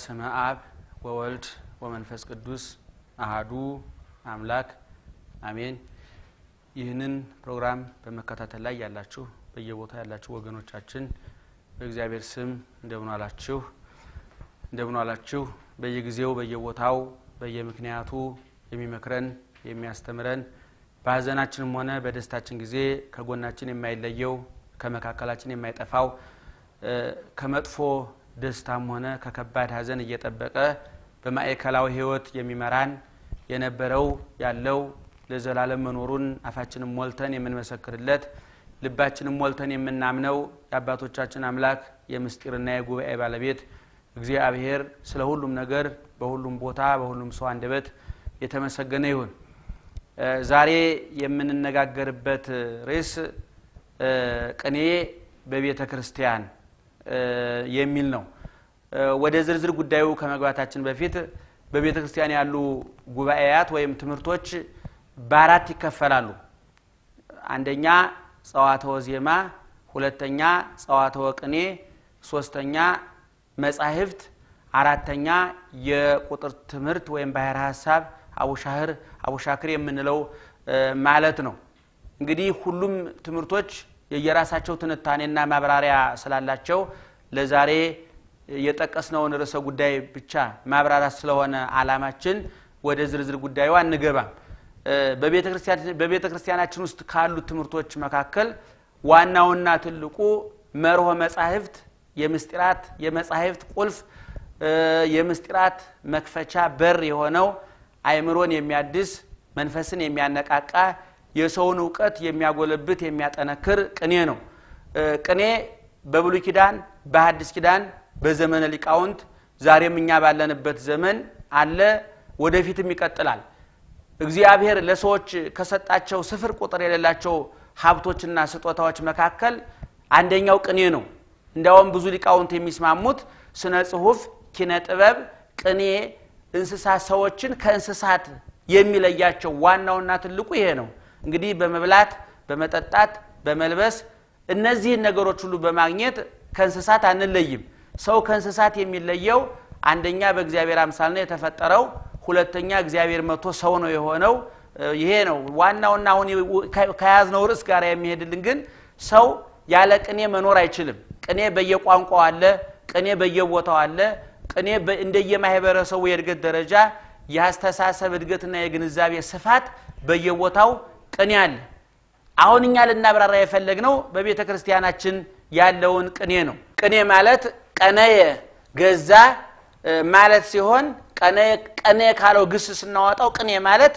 በስመ አብ ወወልድ ወመንፈስ ቅዱስ አህዱ አምላክ አሜን። ይህንን ፕሮግራም በመከታተል ላይ ያላችሁ በየቦታ ያላችሁ ወገኖቻችን በእግዚአብሔር ስም እንደምን አላችሁ? አላችሁ? በየጊዜው በየቦታው በየምክንያቱ የሚመክረን የሚያስተምረን በሀዘናችንም ሆነ በደስታችን ጊዜ ከጎናችን የማይለየው ከመካከላችን የማይጠፋው ከመጥፎ ደስታም ሆነ ከከባድ ሀዘን እየጠበቀ በማዕከላዊ ህይወት የሚመራን የነበረው ያለው ለዘላለም መኖሩን አፋችንም ሞልተን የምንመሰክርለት ልባችንም ሞልተን የምናምነው የአባቶቻችን አምላክ የምስጢርና የጉባኤ ባለቤት እግዚአብሔር ስለ ሁሉም ነገር በሁሉም ቦታ በሁሉም ሰው አንደበት የተመሰገነ ይሁን። ዛሬ የምንነጋገርበት ርዕስ ቅኔ በቤተ ክርስቲያን የሚል ነው። ወደ ዝርዝር ጉዳዩ ከመግባታችን በፊት በቤተ ክርስቲያን ያሉ ጉባኤያት ወይም ትምህርቶች በአራት ይከፈላሉ። አንደኛ ጸዋተወ ዜማ፣ ሁለተኛ ጸዋተወ ቅኔ፣ ሶስተኛ መጻሕፍት፣ አራተኛ የቁጥር ትምህርት ወይም ባህር ሀሳብ አቡሻህር አቡሻክር የምንለው ማለት ነው። እንግዲህ ሁሉም ትምህርቶች የየራሳቸው ትንታኔና ማብራሪያ ስላላቸው ለዛሬ የጠቀስነውን ርዕሰ ጉዳይ ብቻ ማብራራት ስለሆነ አላማችን ወደ ዝርዝር ጉዳዩ አንገባም በቤተ ክርስቲያናችን ውስጥ ካሉት ትምህርቶች መካከል ዋናውና ትልቁ መርሆ መጻሕፍት የምስጢራት የመጻሕፍት ቁልፍ የምስጢራት መክፈቻ በር የሆነው አይምሮን የሚያድስ መንፈስን የሚያነቃቃ የሰውን እውቀት የሚያጎለብት የሚያጠነክር ቅኔ ነው ቅኔ በብሉይ ኪዳን በሐዲስ ኪዳን በዘመነ ሊቃውንት ዛሬም እኛ ባለንበት ዘመን አለ ወደፊትም ይቀጥላል እግዚአብሔር ለሰዎች ከሰጣቸው ስፍር ቁጥር የሌላቸው ሀብቶችና ስጦታዎች መካከል አንደኛው ቅኔ ነው እንዲያውም ብዙ ሊቃውንት የሚስማሙት ስነ ጽሁፍ ኪነ ጥበብ ቅኔ እንስሳት ሰዎችን ከእንስሳት የሚለያቸው ዋናውና ትልቁ ይሄ ነው እንግዲህ በመብላት በመጠጣት በመልበስ እነዚህን ነገሮች ሁሉ በማግኘት ከእንስሳት አንለይም ሰው ከእንስሳት የሚለየው አንደኛ በእግዚአብሔር አምሳል ነው የተፈጠረው ሁለተኛ እግዚአብሔር መቶ ሰው ነው የሆነው ይሄ ነው ዋናውና አሁን ከያዝነው ርዕስ ጋር የሚሄድልን ግን ሰው ያለ ቅኔ መኖር አይችልም ቅኔ በየቋንቋው አለ ቅኔ በየቦታው አለ ቅኔ እንደየማህበረሰቡ የእድገት ደረጃ የአስተሳሰብ እድገትና የግንዛቤ ስፋት በየቦታው ቅኔ አለ አሁን እኛ ልናብራራ የፈለግነው በቤተ ክርስቲያናችን ያለውን ቅኔ ነው ቅኔ ማለት ቀነየ ገዛ ማለት ሲሆን ቀነ ካለው ግስ ስናወጣው ቅኔ ማለት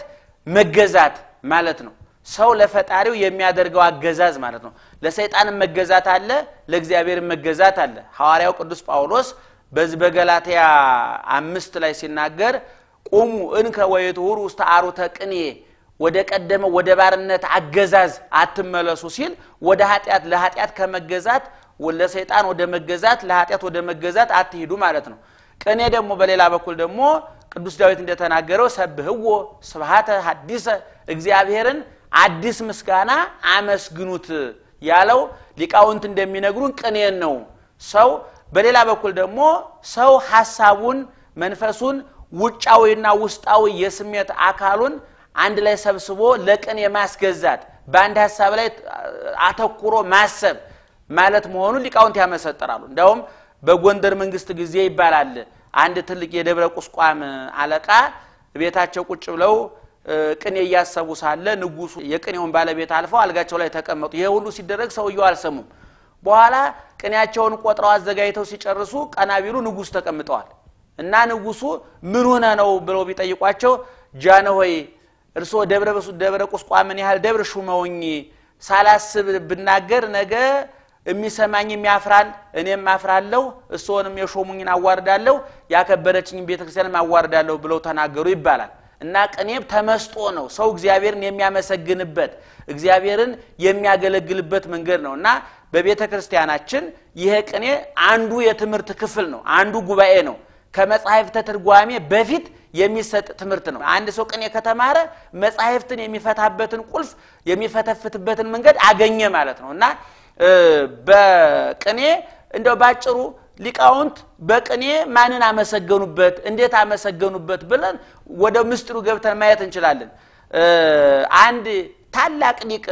መገዛት ማለት ነው ሰው ለፈጣሪው የሚያደርገው አገዛዝ ማለት ነው ለሰይጣንም መገዛት አለ ለእግዚአብሔር መገዛት አለ ሐዋርያው ቅዱስ ጳውሎስ በዚህ በገላትያ አምስት ላይ ሲናገር ቁሙ እንከ ወየትሁር ውስተ አሩተ ቅኔ ወደ ቀደመ ወደ ባርነት አገዛዝ አትመለሱ ሲል ወደ ኃጢአት ለኃጢአት ከመገዛት ለሰይጣን ወደ መገዛት ለኃጢአት ወደ መገዛት አትሄዱ ማለት ነው ቅኔ ደግሞ በሌላ በኩል ደግሞ ቅዱስ ዳዊት እንደተናገረው ሰብህዎ ስብሃተ ሀዲሰ እግዚአብሔርን አዲስ ምስጋና አመስግኑት ያለው ሊቃውንት እንደሚነግሩን ቅኔን ነው ሰው በሌላ በኩል ደግሞ ሰው ሀሳቡን መንፈሱን ውጫዊና ውስጣዊ የስሜት አካሉን አንድ ላይ ሰብስቦ ለቅን የማስገዛት በአንድ ሀሳብ ላይ አተኩሮ ማሰብ ማለት መሆኑን ሊቃውንት ያመሰጥራሉ እንዲያውም በጎንደር መንግስት ጊዜ ይባላል አንድ ትልቅ የደብረ ቁስቋም አለቃ ቤታቸው ቁጭ ብለው ቅኔ እያሰቡ ሳለ ንጉሱ የቅኔውን ባለቤት አልፈው አልጋቸው ላይ ተቀመጡ ይሄ ሁሉ ሲደረግ ሰውየው አልሰሙም በኋላ ቅኔያቸውን ቆጥረው አዘጋጅተው ሲጨርሱ ቀናቢሉ ቢሉ ንጉሱ ተቀምጠዋል እና ንጉሱ ምን ሆነ ነው ብለው ቢጠይቋቸው ጃነሆይ እርስዎ ደብረ ደብረ ምን ያህል ደብር ሹመውኝ ሳላስብ ብናገር ነገ የሚሰማኝ ያፍራል እኔም አፍራለሁ እርስዎንም የሾሙኝን አዋርዳለሁ ያከበረችኝ ቤተክርስቲያንም አዋርዳለሁ ብለው ተናገሩ ይባላል እና ቅኔ ተመስጦ ነው ሰው እግዚአብሔርን የሚያመሰግንበት እግዚአብሔርን የሚያገለግልበት መንገድ ነው እና በቤተ ክርስቲያናችን ይሄ ቅኔ አንዱ የትምህርት ክፍል ነው አንዱ ጉባኤ ነው ከመጽሐፍተ ትርጓሜ በፊት የሚሰጥ ትምህርት ነው። አንድ ሰው ቅኔ ከተማረ መጽሐፍትን የሚፈታበትን ቁልፍ የሚፈተፍትበትን መንገድ አገኘ ማለት ነው እና በቅኔ እንደው ባጭሩ ሊቃውንት በቅኔ ማንን አመሰገኑበት፣ እንዴት አመሰገኑበት ብለን ወደ ምስጢሩ ገብተን ማየት እንችላለን። አንድ ታላቅ ሊቅ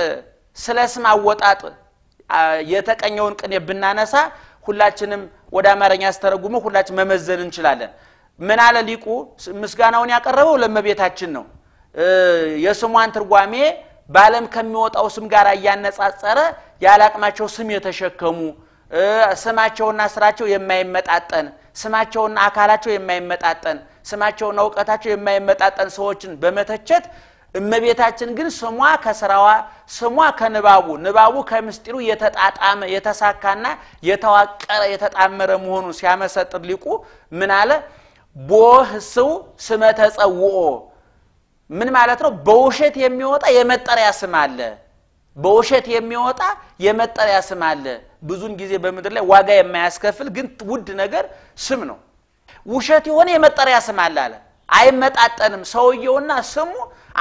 ስለ ስም አወጣጥ የተቀኘውን ቅኔ ብናነሳ ሁላችንም ወደ አማርኛ ያስተረጉመ ሁላችን መመዘን እንችላለን ምን አለ ሊቁ ምስጋናውን ያቀረበው ለመቤታችን ነው የስሟን ትርጓሜ በአለም ከሚወጣው ስም ጋር እያነጻጸረ ያላቅማቸው ስም የተሸከሙ ስማቸውና ስራቸው የማይመጣጠን ስማቸውና አካላቸው የማይመጣጠን ስማቸውና እውቀታቸው የማይመጣጠን ሰዎችን በመተቸት እመቤታችን ግን ስሟ ከስራዋ ስሟ ከንባቡ ንባቡ ከምስጢሩ የተጣጣመ የተሳካና የተዋቀረ የተጣመረ መሆኑን ሲያመሰጥር ሊቁ ምን አለ ቦህስው ስመ ምን ማለት ነው በውሸት የሚወጣ የመጠሪያ ስም አለ በውሸት የሚወጣ የመጠሪያ ስም አለ ብዙን ጊዜ በምድር ላይ ዋጋ የማያስከፍል ግን ውድ ነገር ስም ነው ውሸት የሆነ የመጠሪያ ስም አለ አለ አይመጣጠንም። ሰውየውና ስሙ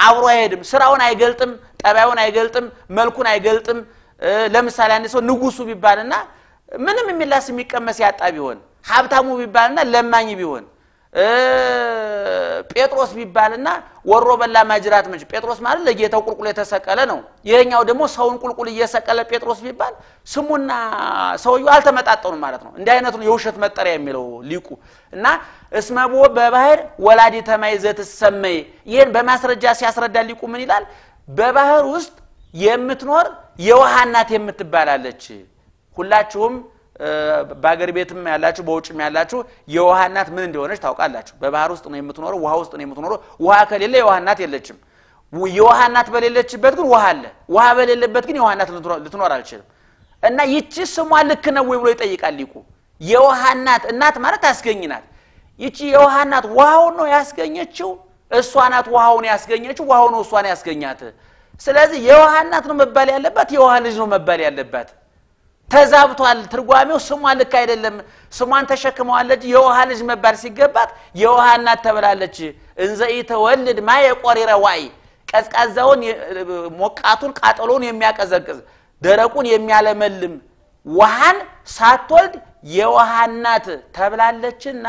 አብሮ አይሄድም። ስራውን አይገልጥም፣ ጠባዩን አይገልጥም፣ መልኩን አይገልጥም። ለምሳሌ አንድ ሰው ንጉሱ ቢባልና ምንም የሚላስ የሚቀመስ ያጣ ቢሆን፣ ሀብታሙ ቢባልና ለማኝ ቢሆን፣ ጴጥሮስ ቢባልና ወሮ በላ ማጅራት መች ጴጥሮስ ማለት ለጌታው ቁልቁል የተሰቀለ ነው ይሄኛው ደግሞ ሰውን ቁልቁል እየሰቀለ ጴጥሮስ ቢባል ስሙና ሰውዩ አልተመጣጠኑ ማለት ነው እንዲህ አይነቱ የውሸት መጠሪያ የሚለው ሊቁ እና እስመቦ በባህር ወላዲ ተማይዘት ሰመይ ይህን በማስረጃ ሲያስረዳ ሊቁ ምን ይላል በባህር ውስጥ የምትኖር የውሃ እናት የምትባላለች ሁላችሁም በአገር ቤትም ያላችሁ በውጭም ያላችሁ የውሃ እናት ምን እንደሆነች ታውቃላችሁ። በባህር ውስጥ ነው የምትኖረው፣ ውሃ ውስጥ ነው የምትኖረው። ውሃ ከሌለ የውሃ እናት የለችም። የውሃ እናት በሌለችበት ግን ውሃ አለ። ውሃ በሌለበት ግን የውሃ እናት ልትኖር አልችልም። እና ይቺ ስሟ ልክ ነው ወይ ብሎ ይጠይቃል ሊቁ። የውሃ እናት እናት ማለት አስገኝ ናት። ይቺ የውሃ እናት ውሃውን ነው ያስገኘችው? እሷ ናት ውሃውን ያስገኘችው? ውሃው ነው እሷን ያስገኛት? ስለዚህ የውሃ እናት ነው መባል ያለባት? የውሃ ልጅ ነው መባል ያለባት? ተዛብቷል ትርጓሜው ስሟ ልክ አይደለም ስሟን ተሸክመዋለች የውሃ ልጅ መባል ሲገባት የውሃ እናት ተብላለች እንዘ ኢተወልድ ማ የቆሪረ ዋይ ቀዝቃዛውን ሞቃቱን ቃጠሎውን የሚያቀዘቅዝ ደረቁን የሚያለመልም ውሃን ሳትወልድ የውሃ እናት ተብላለችና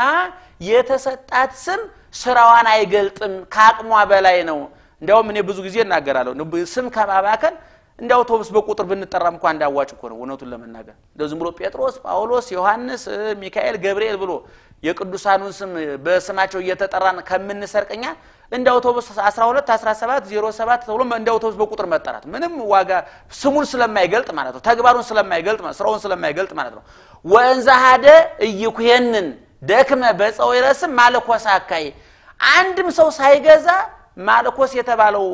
የተሰጣት ስም ስራዋን አይገልጥም ከአቅሟ በላይ ነው እንዲያውም እኔ ብዙ ጊዜ እናገራለሁ ስም ከማባከን እንደ አውቶቡስ በቁጥር ብንጠራም እኳ እንዳዋጭ እኮ ነው እውነቱን ለመናገር እንደ ዝም ብሎ ጴጥሮስ ጳውሎስ ዮሐንስ ሚካኤል ገብርኤል ብሎ የቅዱሳኑን ስም በስማቸው እየተጠራን ከምንሰርቀኛ እንደ አውቶቡስ 12 17 07 ተብሎ እንደ አውቶቡስ በቁጥር መጠራት ምንም ዋጋ ስሙን ስለማይገልጥ ማለት ነው ተግባሩን ስለማይገልጥ ስራውን ስለማይገልጥ ማለት ነው ወእንዛሃደ እይኩሄንን ደክመ በፀው ይረስም ማለኮሳ አካይ አንድም ሰው ሳይገዛ ማልኮስ የተባለው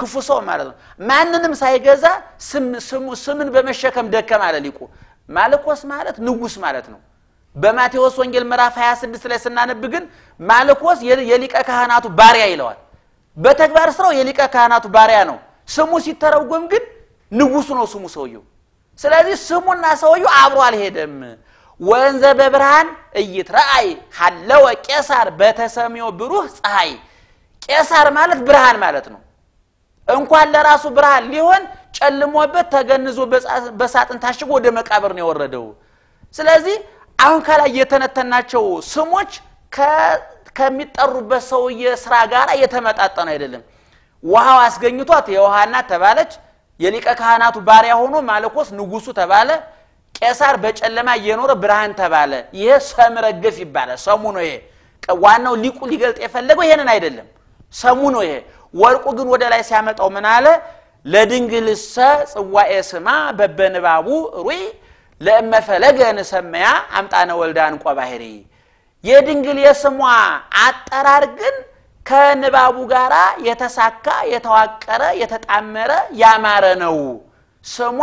ክፉ ሰው ማለት ነው ማንንም ሳይገዛ ስምን በመሸከም ደከም አለ ሊቁ ማልኮስ ማለት ንጉስ ማለት ነው በማቴዎስ ወንጌል ምዕራፍ 26 ላይ ስናነብ ግን ማልኮስ የሊቀ ካህናቱ ባሪያ ይለዋል በተግባር ስራው የሊቀ ካህናቱ ባሪያ ነው ስሙ ሲተረጎም ግን ንጉሱ ነው ስሙ ሰውየው ስለዚህ ስሙና ሰውየው አብሮ አልሄደም ወንዘ በብርሃን እይት ረአይ ሀለወ ቄሳር በተሰሚው ብሩህ ፀሐይ ቄሳር ማለት ብርሃን ማለት ነው። እንኳን ለራሱ ብርሃን ሊሆን ጨልሞበት ተገንዞ በሳጥን ታሽጎ ወደ መቃብር ነው የወረደው። ስለዚህ አሁን ከላይ የተነተናቸው ስሞች ከሚጠሩበት ሰውዬ ስራ ጋር የተመጣጠነ አይደለም። ውሃው አስገኝቷት የውሃናት ተባለች። የሊቀ ካህናቱ ባሪያ ሆኖ ማለኮስ ንጉሱ ተባለ። ቄሳር በጨለማ እየኖረ ብርሃን ተባለ። ይሄ ሰም ይባላል። ሰሙ ነው ይሄ። ዋናው ሊቁ ሊገልጥ የፈለገው ይሄንን አይደለም። ሰሙ ነው ይሄ ወርቁ ግን ወደ ላይ ሲያመጣው ምን አለ ለድንግልሰ ጽዋኤ ስማ በበንባቡ ሩይ ለእመፈለገ ንሰመያ አምጣነ ወልዳን ቆባሄሪ የድንግል የስሟ አጠራር ግን ከንባቡ ጋር የተሳካ የተዋቀረ የተጣመረ ያማረ ነው ስሟ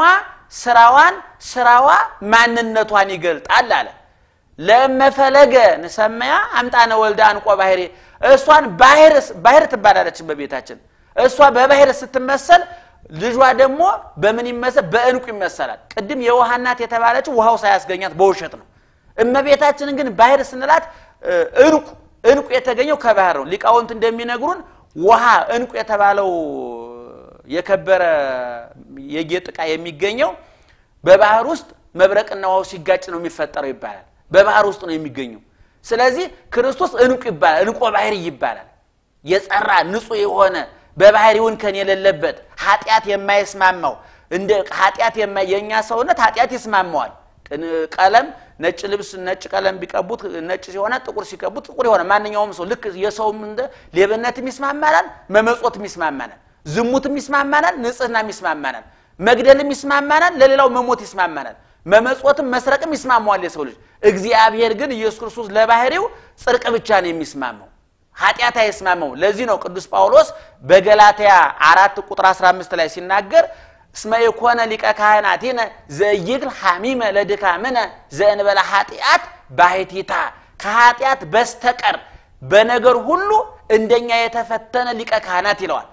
ስራዋን ስራዋ ማንነቷን ይገልጣል አለ ለመፈለገ ንሰማያ አምጣነ ወልደ አንቆ ባህሬ እሷን ባህር ትባላለችን በቤታችን እሷ በባህር ስትመሰል ልጇ ደግሞ በምን ይመሰል በእንቁ ይመሰላል ቅድም የውሃ የተባለች የተባለችው ውሃው ሳያስገኛት በውሸት ነው እመቤታችንን ግን ባህር ስንላት እንቁ እንቁ የተገኘው ከባህር ነው ሊቃውንት እንደሚነግሩን ውሃ እንቁ የተባለው የከበረ የጌጥ የሚገኘው በባህር ውስጥ መብረቅና ውሃው ሲጋጭ ነው የሚፈጠረው ይባላል በባህር ውስጥ ነው የሚገኘው ስለዚህ ክርስቶስ እንቁ ይባላል እንቆ ባህሪ ይባላል የጸራ ንጹህ የሆነ በባህሪውን ከን የሌለበት ኃጢአት የማይስማማው እንደ ኃጢአት የኛ ሰውነት ኃጢአት ይስማማዋል ቀለም ነጭ ልብስ ነጭ ቀለም ቢቀቡት ነጭ ሲሆነ ጥቁር ሲቀቡት ጥቁር የሆነ ማንኛውም ሰው ልክ የሰውም እንደ ሌብነትም ይስማማናል መመጾትም ይስማማናል ዝሙትም ይስማማናል ንጽህናም ይስማማናል መግደልም ይስማማናል ለሌላው መሞት ይስማማናል መመጽወትም መስረቅም ይስማማዋል የሰው ልጅ። እግዚአብሔር ግን ኢየሱስ ክርስቶስ ለባህሪው ጽርቅ ብቻ ነው የሚስማመው፣ ኃጢአት አይስማመው። ለዚህ ነው ቅዱስ ጳውሎስ በገላትያ አራት ቁጥር 15 ላይ ሲናገር እስመ የኮነ ሊቀ ካህናቲነ ዘይግል ሐሚመ ለድካምነ ዘእንበለ ኃጢአት ባህቲታ ከኃጢአት በስተቀር በነገር ሁሉ እንደኛ የተፈተነ ሊቀ ካህናት ይለዋል።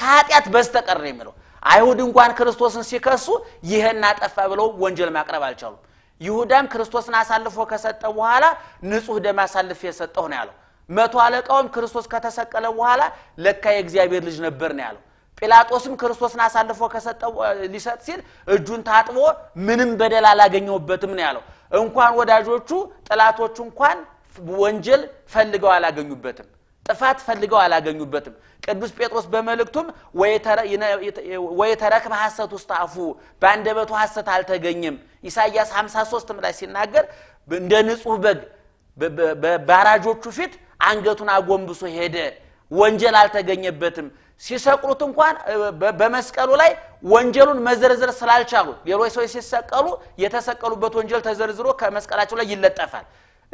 ከኃጢአት በስተቀር ነው የሚለው አይሁድ እንኳን ክርስቶስን ሲከሱ ይህን አጠፋ ብለው ወንጀል ማቅረብ አልቻሉም ይሁዳም ክርስቶስን አሳልፎ ከሰጠ በኋላ ንጹህ ደም አሳልፍ የሰጠሁ ነው ያለው መቶ አለቃውም ክርስቶስ ከተሰቀለ በኋላ ለካ የእግዚአብሔር ልጅ ነበር ነው ያለው ጲላጦስም ክርስቶስን አሳልፎ ከሰጠ ሊሰጥ ሲል እጁን ታጥቦ ምንም በደል አላገኘሁበትም ነው ያለው እንኳን ወዳጆቹ ጥላቶቹ እንኳን ወንጀል ፈልገው አላገኙበትም ጥፋት ፈልገው አላገኙበትም ቅዱስ ጴጥሮስ በመልእክቱም ወየተረክበ ሀሰት ውስጥ አፉ በአንደበቱ ሐሰት አልተገኘም ኢሳይያስ 53 ላይ ሲናገር እንደ ንጹህ በግ በአራጆቹ ፊት አንገቱን አጎንብሶ ሄደ ወንጀል አልተገኘበትም ሲሰቅሉት እንኳን በመስቀሉ ላይ ወንጀሉን መዘርዘር ስላልቻሉ ሌሎች ሰዎች ሲሰቀሉ የተሰቀሉበት ወንጀል ተዘርዝሮ ከመስቀላቸው ላይ ይለጠፋል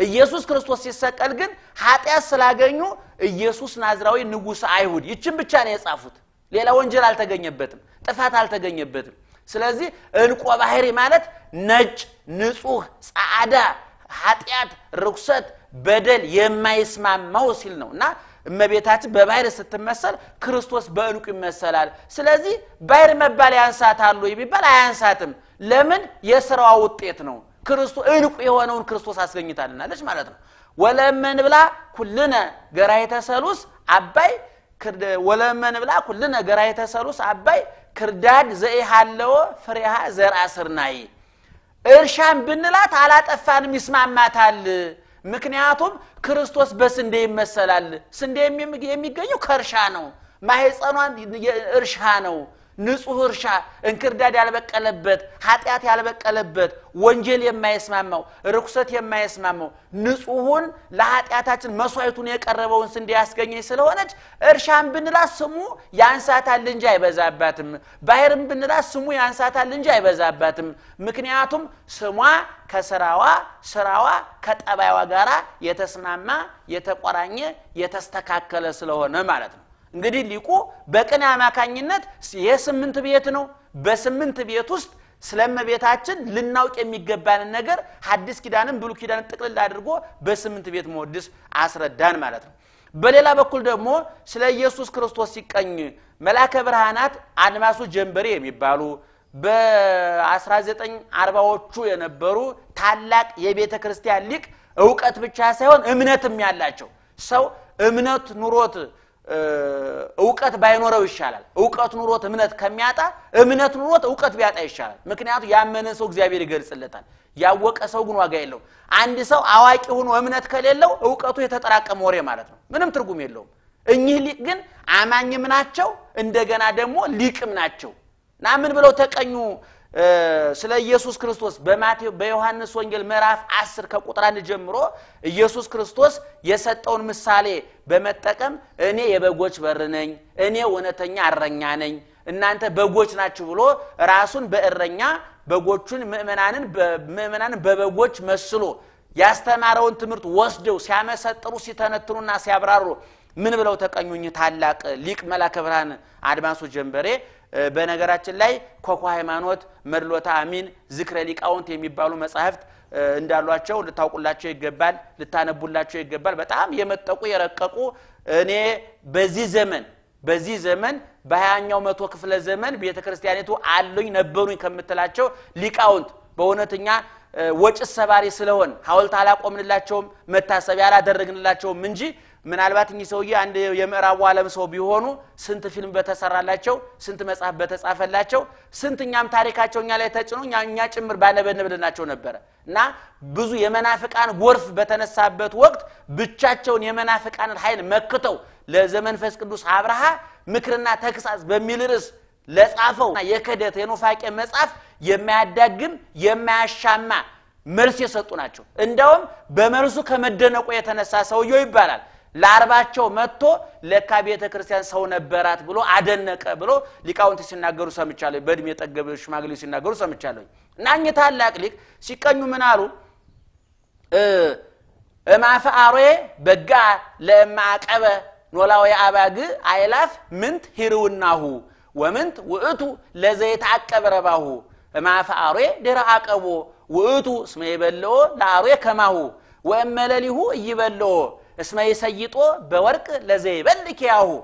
ኢየሱስ ክርስቶስ ሲሰቀል ግን ኃጢአት ስላገኙ ኢየሱስ ናዝራዊ ንጉሥ አይሁድ ይችን ብቻ ነው የጻፉት ሌላ ወንጀል አልተገኘበትም ጥፋት አልተገኘበትም ስለዚህ እንቆ ባህሪ ማለት ነጭ ንጹህ ጻዕዳ ኃጢአት ርኩሰት በደል የማይስማማው ሲል ነው እና እመቤታችን በባህር ስትመሰል ክርስቶስ በእንቁ ይመሰላል ስለዚህ ባህር መባል አሉ የሚባል አያንሳትም ለምን የስራዋ ውጤት ነው ክርስቶስ እንቁ የሆነውን ክርስቶስ አስገኝታልናለች ማለት ነው ወለመን ብላ ኩልነ ገራ የተሰሉስ አባይ ወለመን ብላ ኩልነ ገራ የተሰሉስ አባይ ክርዳድ ዘይሃለወ ፍሬሃ ዘርአ ስርናይ እርሻን ብንላት አላጠፋንም ይስማማታል ምክንያቱም ክርስቶስ በስንዴ ይመሰላል ስንዴ የሚገኘው ከእርሻ ነው ማህፀኗን እርሻ ነው ንጹህ እርሻ እንክርዳድ ያልበቀለበት ኃጢአት ያልበቀለበት ወንጀል የማይስማማው ርኩሰት የማይስማማው ንጹሁን ለኃጢአታችን መስዋዕቱን የቀረበውን ስንዴ ያስገኘች ስለሆነች እርሻን ብንላት ስሙ ያንሳታል እንጂ አይበዛባትም ባህርም ብንላት ስሙ ያንሳታል እንጂ አይበዛባትም ምክንያቱም ስሟ ከስራዋ ስራዋ ከጠባይዋ ጋር የተስማማ የተቆራኘ የተስተካከለ ስለሆነ ማለት ነው እንግዲህ ሊቁ በቅኔ አማካኝነት የስምንት ቤት ነው በስምንት ቤት ውስጥ ስለመቤታችን ልናውቅ የሚገባንን ነገር ሀዲስ ኪዳንን ብሉ ኪዳንን ጥቅልል አድርጎ በስምንት ቤት መወድስ አስረዳን ማለት ነው በሌላ በኩል ደግሞ ስለ ኢየሱስ ክርስቶስ ሲቀኝ መላከ ብርሃናት አድማሱ ጀንበሬ የሚባሉ በ1940ዎቹ የነበሩ ታላቅ የቤተ ክርስቲያን ሊቅ እውቀት ብቻ ሳይሆን እምነትም ያላቸው ሰው እምነት ኑሮት እውቀት ባይኖረው ይሻላል። እውቀት ኑሮት እምነት ከሚያጣ እምነት ኑሮት እውቀት ቢያጣ ይሻላል። ምክንያቱ ያመነ ሰው እግዚአብሔር ይገልጽለታል። ያወቀ ሰው ግን ዋጋ የለውም። አንድ ሰው አዋቂ ሆኖ እምነት ከሌለው እውቀቱ የተጠራቀመ ወሬ ማለት ነው፣ ምንም ትርጉም የለውም። እኚህ ሊቅ ግን አማኝም ናቸው፣ እንደገና ደግሞ ሊቅም ናቸው እና ምን ብለው ተቀኙ ስለ ኢየሱስ ክርስቶስ በዮሐንስ ወንጌል ምዕራፍ 10 ከቁጥር 1 ጀምሮ ኢየሱስ ክርስቶስ የሰጠውን ምሳሌ በመጠቀም እኔ የበጎች በር ነኝ፣ እኔ እውነተኛ እረኛ ነኝ፣ እናንተ በጎች ናችሁ ብሎ ራሱን በእረኛ በጎቹን ምእመናንን ምእመናንን በበጎች መስሎ ያስተማረውን ትምህርት ወስደው ሲያመሰጥሩ ሲተነትኑና ሲያብራሩ ምን ብለው ተቀኙኝ ታላቅ ሊቅ መላከ ብርሃን አድማሱ ጀንበሬ በነገራችን ላይ ኮኮ ሃይማኖት መድሎታ አሚን ዝክረ ሊቃውንት የሚባሉ መጽሐፍት እንዳሏቸው ልታውቁላቸው ይገባል ልታነቡላቸው ይገባል በጣም የመጠቁ የረቀቁ እኔ በዚህ ዘመን በዚህ ዘመን በሀያኛው መቶ ክፍለ ዘመን ቤተ ክርስቲያኒቱ አሉኝ ነበሩኝ ከምትላቸው ሊቃውንት በእውነተኛ ወጭ ሰባሪ ስለሆን ሀውልት አላቆምንላቸውም መታሰቢያ አላደረግንላቸውም እንጂ ምናልባት እኚህ ሰውዬ አንድ የምዕራቡ ዓለም ሰው ቢሆኑ ስንት ፊልም በተሰራላቸው ስንት መጽሐፍ በተጻፈላቸው ስንት እኛም ታሪካቸው እኛ ላይ ተጭኖ እኛ ጭምር ባነበንብልናቸው ነበረ እና ብዙ የመናፍቃን ጎርፍ በተነሳበት ወቅት ብቻቸውን የመናፍቃንን ኃይል መክተው ለዘመንፈስ ቅዱስ አብርሃ ምክርና ተግሳጽ በሚል ርዕስ ለጻፈው የክህደት የኑፋቄ መጽሐፍ የማያዳግም የማያሻማ መልስ የሰጡ ናቸው እንዲያውም በመልሱ ከመደነቁ የተነሳ ሰውየው ይባላል ለአርባቸው መጥቶ ለካ ቤተ ክርስቲያን ሰው ነበራት ብሎ አደነቀ ብሎ ሊቃውንት ሲናገሩ ሰምቻለሁ በእድሜ የጠገበ ሽማግሌ ሲናገሩ ሰምቻለሁ እና እኚህ ታላቅ ሊቅ ሲቀኙ ምን አሉ እማፈአሮ በጋ ለማቀበ ኖላዊ አባግ አይላፍ ምንት ሂርውናሁ ወምንት ውእቱ ለዘይት አቀብረባሁ እማፈአሮ ድረ አቀቦ ውእቱ እስመ የበለዎ ለአሮ ከማሁ ወእመለሊሁ እይበለዎ اسمه يسيطو بورق لزيبلك ياهو